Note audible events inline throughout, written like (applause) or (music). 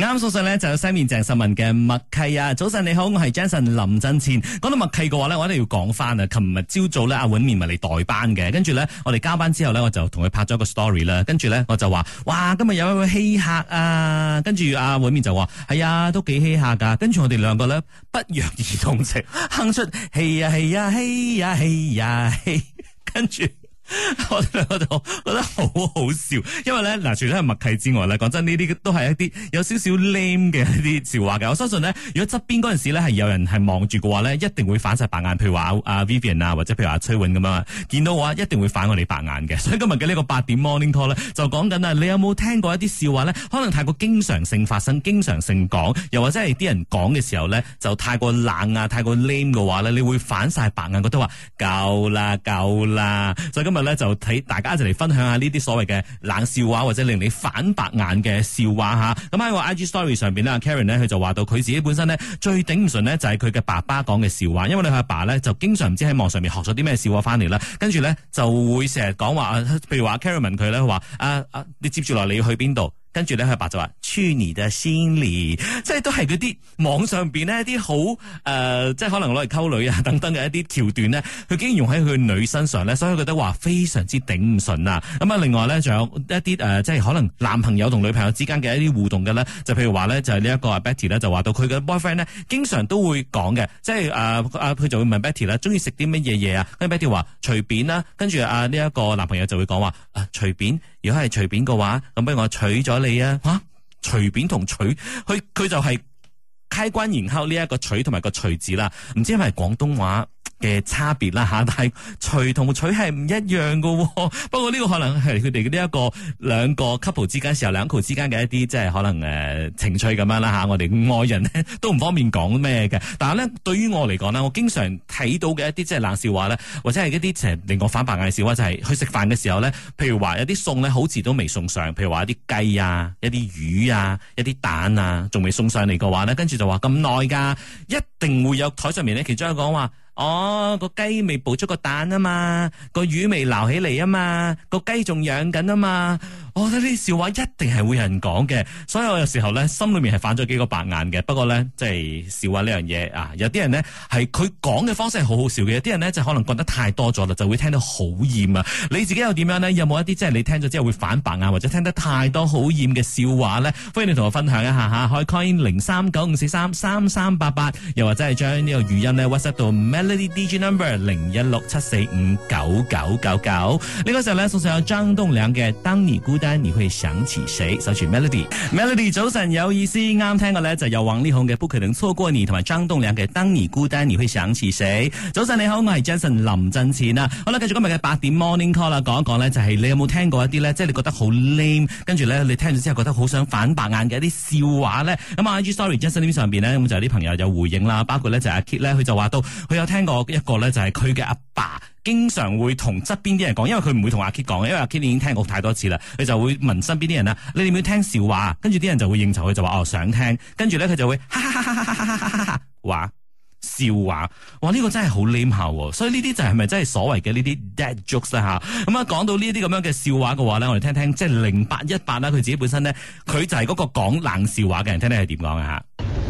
啱早上咧就有西面鄭秀文嘅默契啊，早晨你好，我係 Jason 林振前。講到默契嘅話咧，我一定要講翻啊。琴日朝早咧，阿碗麵咪嚟代班嘅，跟住咧我哋交班之後咧，我就同佢拍咗個 story 啦。跟住咧我就話，哇，今日有位稀客啊。跟住阿碗麵就話，係、哎、啊，都幾稀客噶、啊。跟住我哋兩個咧不約而同食，哼出戲啊戲啊戲啊戲啊戲，跟住。我我就覺得好好笑，因為咧嗱，除咗係默契之外咧，講真呢啲都係一啲有少少 lame 嘅一啲笑話嘅。我相信呢，如果側邊嗰陣時咧係有人係望住嘅話呢，一定會反晒白眼。譬如話阿 Vivian 啊，啊 Vivian，或者譬如話、啊、崔永咁啊，見到我啊，一定會反我哋白眼嘅。所以今日嘅呢個八點 Morning Call 咧，就講緊啦，你有冇聽過一啲笑話呢？可能太過經常性發生，經常性講，又或者係啲人講嘅時候呢，就太過冷啊，太過 lame 嘅話呢，你會反晒白眼。覺得話夠啦，夠啦。所以今日咧就睇大家一齊嚟分享下呢啲所謂嘅冷笑話，或者令你反白眼嘅笑話嚇，咁喺個 IG Story 上邊咧，Karen 咧佢就話到佢自己本身咧，最頂唔順咧就係佢嘅爸爸講嘅笑話。因為咧佢阿爸咧就經常唔知喺網上面學咗啲咩笑話翻嚟啦，跟住咧就會成日講話，譬如話 Karen 問佢咧話，啊啊你接住來接住落嚟你要去邊度？跟住咧佢阿爸就話。Jenny 即係都係嗰啲網上邊呢，一啲好誒，即係可能攞嚟溝女啊等等嘅一啲橋段咧，佢竟然用喺佢女身上咧，所以佢覺得話非常之頂唔順啊！咁啊，另外咧仲有一啲誒、呃，即係可能男朋友同女朋友之間嘅一啲互動嘅咧，就譬如話咧就係呢一個啊 Betty 咧就話到佢嘅 boyfriend 咧經常都會講嘅，即係誒誒，佢、呃、就會問 Betty 咧中意食啲乜嘢嘢啊？跟住 Betty 話隨便啦，啊，跟住啊呢一個男朋友就會講話啊隨便，如果係隨便嘅話，咁不如我娶咗你啊吓？啊隨便同錘佢，佢就係、是、開關，然後呢一個錘同埋個錘字啦，唔知係咪廣東話。嘅差別啦嚇，但係娶同娶係唔一樣嘅。不過呢個可能係佢哋呢一個兩個 couple 之間，時候兩 couple 之間嘅一啲即係可能誒、呃、情趣咁樣啦吓、啊，我哋愛人咧都唔方便講咩嘅。但係咧，對於我嚟講啦，我經常睇到嘅一啲即係冷笑話咧，或者係一啲誒令我反白眼嘅笑話，就係、是、去食飯嘅時候咧，譬如話有啲餸咧，好似都未送上，譬如話一啲雞啊、一啲魚啊、一啲蛋啊，仲未送上嚟嘅話咧，跟住就話咁耐㗎，一定會有枱上面咧，其中一講話。哦，個雞未補足個蛋啊嘛，個魚未撈起嚟啊嘛，個雞仲養緊啊嘛。我覺得呢啲笑話一定係會有人講嘅，所以我有時候咧心裏面係反咗幾個白眼嘅。不過咧，即係笑話呢樣嘢啊，有啲人呢係佢講嘅方式係好好笑嘅，有啲人呢就可能覺得太多咗啦，就會聽得好厭啊。你自己又點樣呢？有冇一啲即係你聽咗之後會反白眼，或者聽得太多好厭嘅笑話呢？歡迎你同我分享一下嚇，可以 coin 零三九五四三三三八八，88，又或者係將呢個語音呢 WhatsApp 到 melody DJ number 零一六七四五九九九九。呢個時候咧，送上有張東嶺嘅《當年》你會想起誰，搜尋 Melody，Melody Mel 早晨有意思啱聽嘅咧，就有王力宏嘅《不可能錯過你》，同埋張棟梁嘅《當你孤單》，你會想起誰，早晨你好，我係 Jason 林振錢啊。好啦，繼續今日嘅八點 Morning Call 啦，講一講咧，就係你有冇聽過一啲咧，即係你覺得好 lame，跟住咧你聽咗之後覺得好想反白眼嘅一啲笑話咧。咁啊，Ig sorry，Jason 上邊咧，咁就有啲朋友有回應啦，包括咧就阿 Kit 咧，佢就話到，佢有聽過一個咧，就係佢嘅阿爸。經常會同側邊啲人講，因為佢唔會同阿 K 講，因為阿 K 已經聽過太多次啦。佢就會問身邊啲人啊，你哋唔要聽笑話？跟住啲人就會應酬佢，就話哦想聽。跟住咧，佢就會哈哈哈哈哈哈哈哈哈哈話笑話，哇呢、這個真係好 lame。所以呢啲就係咪真係所謂嘅呢啲 dad jokes 吓、嗯？咁啊講到呢啲咁樣嘅笑話嘅話咧，我哋聽聽即係零八一八啦，佢自己本身咧，佢就係嗰個講冷笑話嘅人，聽聽係點講啊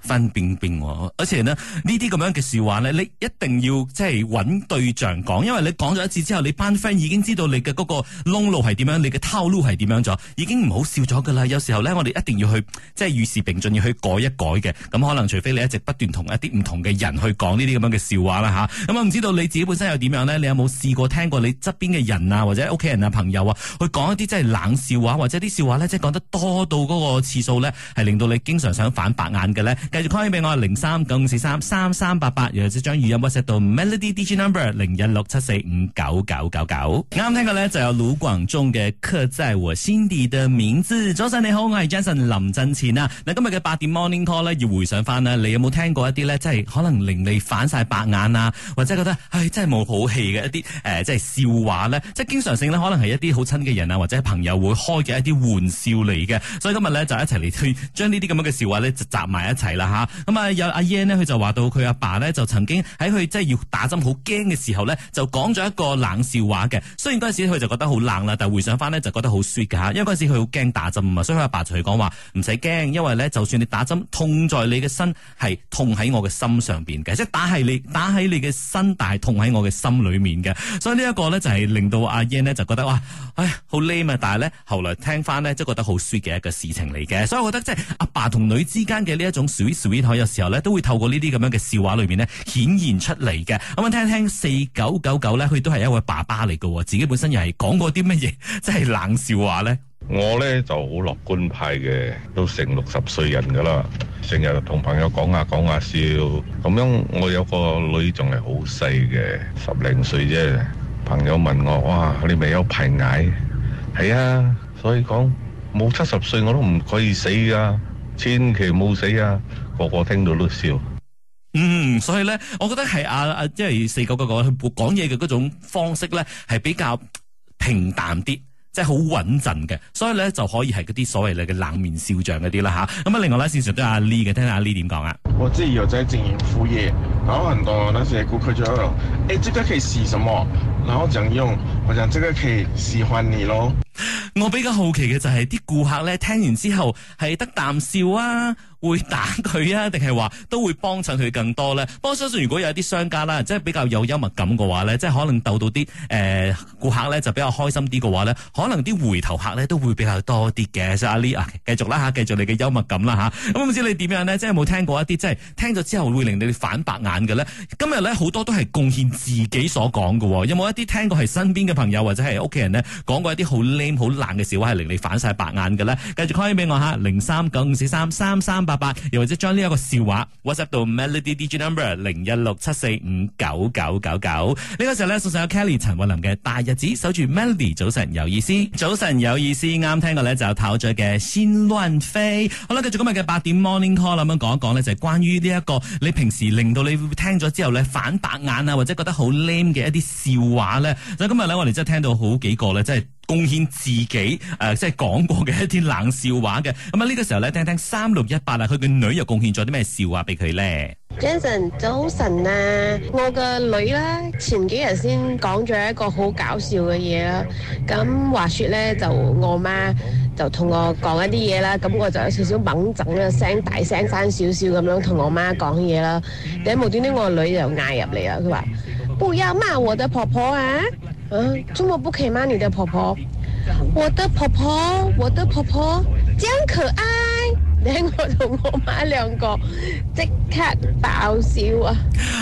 分邊邊喎，而且咧呢啲咁樣嘅笑話呢，你一定要即係揾對象講，因為你講咗一次之後，你班 friend 已經知道你嘅嗰個窿路係點樣，你嘅套路係點樣咗，已經唔好笑咗噶啦。有時候呢，我哋一定要去即係與時並進，要去改一改嘅。咁、嗯、可能除非你一直不斷同一啲唔同嘅人去講呢啲咁樣嘅笑話啦吓，咁啊，唔、嗯、知道你自己本身又點樣呢？你有冇試過聽過你側邊嘅人啊，或者屋企人啊、朋友啊，去講一啲即係冷笑話或者啲笑話呢？即係講得多到嗰個次數呢，係令到你經常想反白眼嘅呢？繼續 call 起俾我零三九五四三三三八八，88, 又或者將語音 WhatsApp 到 Melody DJ Number 零一六七四五九九九九。啱聽嘅咧就有盧廣仲嘅《刻在我心底的名字》早。早晨你好，我係 Jenson 林振前啊。嗱，今日嘅八點 Morning Call 咧要回想翻啦，你有冇聽過一啲咧即係可能令你反晒白眼啊，或者覺得唉真係冇好戲嘅一啲誒即係笑話咧？即係經常性咧可能係一啲好親嘅人啊或者朋友會開嘅一啲玩笑嚟嘅。所以今日咧就一齊嚟去將呢啲咁樣嘅笑話咧集埋一齊。啦吓，咁啊、嗯、有阿耶咧，佢就話到佢阿爸，爸呢，就曾經喺佢即係要打針好驚嘅時候呢，就講咗一個冷笑話嘅。雖然嗰陣時佢就覺得好冷啦，但係回想翻呢，就覺得好 sweet 嘅吓。因為嗰陣時佢好驚打針啊，所以佢阿爸，爸就佢講話唔使驚，因為呢，就算你打針痛在你嘅身，係痛喺我嘅心上邊嘅，即係打喺你打喺你嘅身，但係痛喺我嘅心裏面嘅。所以呢一個呢，就係、是、令到阿耶咧就覺得哇，唉好 lame 啊！但係呢，後來聽翻呢，即係覺得好 sweet 嘅一個事情嚟嘅。所以我覺得即係阿爸同女之間嘅呢一種水枱有時候咧，都會透過呢啲咁樣嘅笑話裏面咧，顯現出嚟嘅。咁樣聽一聽，四九九九咧，佢都係一位爸爸嚟嘅，自己本身又係講過啲乜嘢，真係冷笑話咧。我咧就好樂觀派嘅，都成六十歲人噶啦，成日同朋友講下講下笑。咁樣我有個女仲係好細嘅，十零歲啫。朋友問我，哇，你未有排捱？係啊，所以講冇七十歲我都唔可以死㗎。千祈冇死啊！個個聽到都笑。嗯，所以咧，我覺得係啊，啊即係四九九講講嘢嘅嗰種方式咧，係比較平淡啲。即係好穩陣嘅，所以咧就可以係嗰啲所謂你嘅冷面笑匠嗰啲啦吓。咁啊，另外咧線上都阿 Li 嘅，聽下阿 Li 點講啊。我自己有在經營副業，搞很多那些顧客就誒、欸，這個期是什麼，然後怎樣用，我想這個期喜歡你咯。我比較好奇嘅就係啲顧客咧聽完之後係得啖笑啊。會打佢啊？定係話都會幫襯佢更多咧？我相信如果有啲商家啦，即係比較有幽默感嘅話咧，即係可能逗到啲誒顧客咧就比較開心啲嘅話咧，可能啲回頭客咧都會比較多啲嘅。所以阿 Lee 啊，繼續啦吓，繼續你嘅幽默感啦吓。咁唔知你點樣咧？即係冇聽過一啲即係聽咗之後會令你哋反白眼嘅咧？今日咧好多都係貢獻自己所講嘅，有冇一啲聽過係身邊嘅朋友或者係屋企人咧講過一啲好 name 好爛嘅笑話係令你反晒白眼嘅咧？繼續 call 俾我吓，零三九五四三三三。八八，又或者將呢一個笑話 WhatsApp 到 Melody DJ Number 零一六七四五九九九九。呢個時候咧，送上有 Kelly 陳慧琳嘅大日子，守住 Melody，早晨有意思，早晨有意思。啱聽過咧，就有透咗嘅先亂飛。好啦，繼續今日嘅八點 Morning Call，咁樣講一講咧，就係關於呢一個你平時令到你聽咗之後咧反白眼啊，或者覺得好 name 嘅一啲笑話咧。就今日咧，我哋真係聽到好幾個咧。即係。貢獻自己，誒、呃，即係講過嘅一啲冷笑話嘅，咁啊呢個時候咧，聽聽三六一八啊，佢嘅女又貢獻咗啲咩笑話俾佢咧？Jason，早晨啊，我個女咧前幾日先講咗一個好搞笑嘅嘢啦，咁話說咧就我媽就同我講一啲嘢啦，咁我就有少少猛整嘅聲，大聲翻少少咁樣同我媽講嘢啦，但係無端端我女又嗌入嚟啦，佢話，不要罵我的婆婆啊！嗯、呃，這麼不可以嗎？你的婆婆， (noise) 我的婆婆， (noise) 我的婆婆，真可愛。咧我同我媽兩個即刻爆笑啊！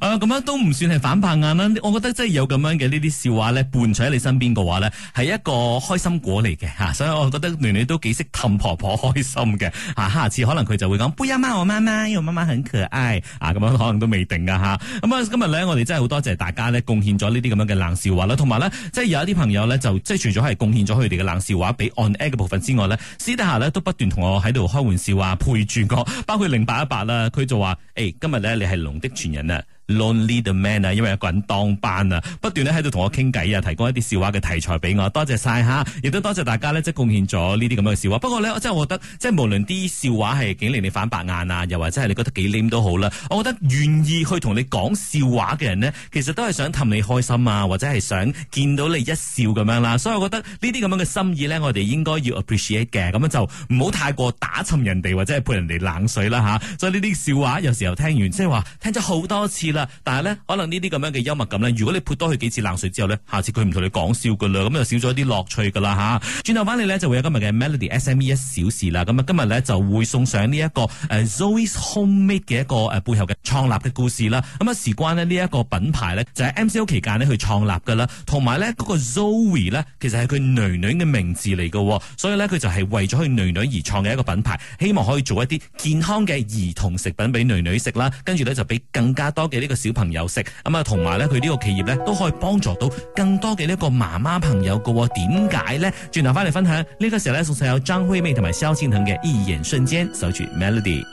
啊咁、呃、樣都唔算係反白眼啦，我覺得真係有咁樣嘅呢啲笑話咧，伴隨喺你身邊嘅話咧，係一個開心果嚟嘅吓，所以我覺得囡囡都幾識氹婆婆開心嘅啊！下次可能佢就會講：不要罵我媽媽，因為媽媽很可愛啊！咁樣可能都未定噶吓。咁啊，今日咧我哋真係好多謝大家咧，貢獻咗呢啲咁樣嘅冷笑話啦，同埋咧，即係有一啲朋友咧就即係除咗係貢獻咗佢哋嘅冷笑話俾 on air 嘅部分之外咧，私底下咧都不斷同我喺度開玩笑。話陪住我，包括零八一八啦，佢就話：誒，今日咧，你係龍的傳人啊！Lonely the man 啊，因為一個人當班啊，不斷咧喺度同我傾偈啊，提供一啲笑話嘅題材俾我，多謝晒，嚇！亦都多謝大家咧，即係貢獻咗呢啲咁嘅笑話。不過咧，我真係覺得，即係無論啲笑話係幾令你反白眼啊，又或者係你覺得幾黏都好啦。我覺得願意去同你講笑話嘅人呢，其實都係想氹你開心啊，或者係想見到你一笑咁樣啦。所以我覺得呢啲咁樣嘅心意呢，我哋應該要 appreciate 嘅。咁樣就唔好太過打沉人哋，或者係潑人哋冷水啦嚇、啊。所以呢啲笑話有時候聽完，即係話聽咗好多次。但係咧，可能呢啲咁樣嘅幽默感咧，如果你潑多佢幾次冷水之後咧，下次佢唔同你講笑噶啦，咁就少咗啲樂趣噶啦吓。轉頭翻嚟咧，就會有今日嘅 Melody S M E 一小時啦。咁啊，今日咧就會送上呢、這個呃、一個誒 Zoe's Homemade 嘅一個誒背後嘅創立嘅故事啦。咁、嗯、啊，事關咧呢一、這個品牌咧就喺、是、M C O 期間咧去創立噶啦，同埋咧嗰個 Zoe 咧其實係佢女女嘅名字嚟噶，所以咧佢就係為咗佢女女而創嘅一個品牌，希望可以做一啲健康嘅兒童食品俾女女食啦，跟住咧就俾更加多嘅呢。一個小朋友食，咁啊，同埋咧佢呢個企業咧都可以幫助到更多嘅呢個媽媽朋友噶。點解咧？轉頭翻嚟分享呢個時候咧，送上有張惠妹同埋蕭敬騰嘅《一眼瞬間》守住 Melody。